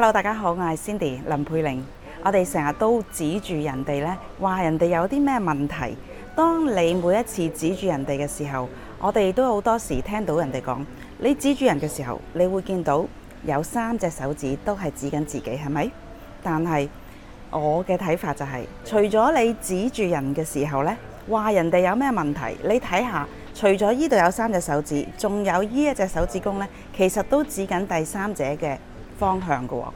Hello，大家好，我係 Cindy 林佩玲。我哋成日都指住人哋呢，話人哋有啲咩問題。當你每一次指住人哋嘅時候，我哋都好多時聽到人哋講：你指住人嘅時候，你會見到有三隻手指都係指緊自己，係咪？但係我嘅睇法就係、是，除咗你指住人嘅時候呢，話人哋有咩問題，你睇下，除咗依度有三隻手指，仲有呢一隻手指公呢，其實都指緊第三者嘅。方向嘅喎、哦，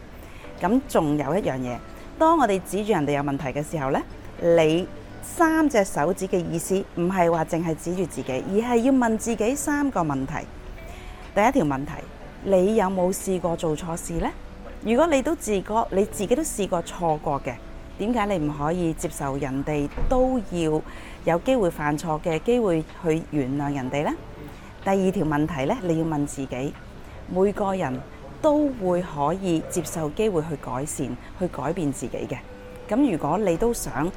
咁仲有一樣嘢，當我哋指住人哋有問題嘅時候呢，你三隻手指嘅意思唔係話淨係指住自己，而係要問自己三個問題。第一條問題，你有冇試過做錯事呢？如果你都自覺你自己都試過錯過嘅，點解你唔可以接受人哋都要有機會犯錯嘅機會去原諒人哋呢？第二條問題呢，你要問自己，每個人，都會可以接受機會去改善、去改變自己嘅。咁如果你都想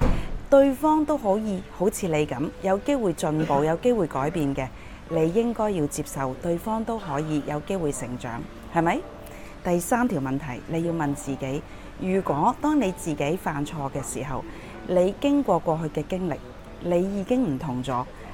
對方都可以好似你咁，有機會進步、有機會改變嘅，你應該要接受對方都可以有機會成長，係咪？第三條問題，你要問自己：如果當你自己犯錯嘅時候，你經過過去嘅經歷，你已經唔同咗。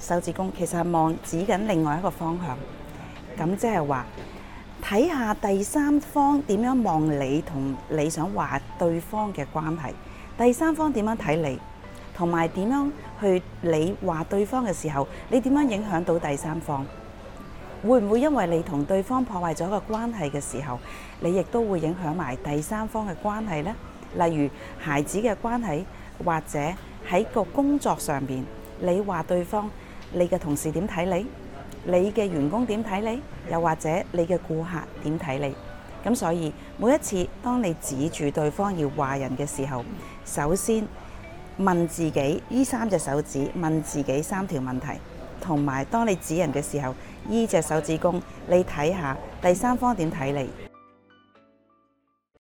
手指公其實係望指緊另外一個方向，咁即係話睇下第三方點樣望你同你想話對方嘅關係，第三方點樣睇你，同埋點樣去你話對方嘅時候，你點樣影響到第三方？會唔會因為你同對方破壞咗個關係嘅時候，你亦都會影響埋第三方嘅關係呢？例如孩子嘅關係，或者喺個工作上邊，你話對方。你嘅同事點睇你？你嘅員工點睇你？又或者你嘅顧客點睇你？咁所以每一次當你指住對方要話人嘅時候，首先問自己呢三隻手指，問自己三條問題，同埋當你指人嘅時候，呢隻手指公，你睇下第三方點睇你。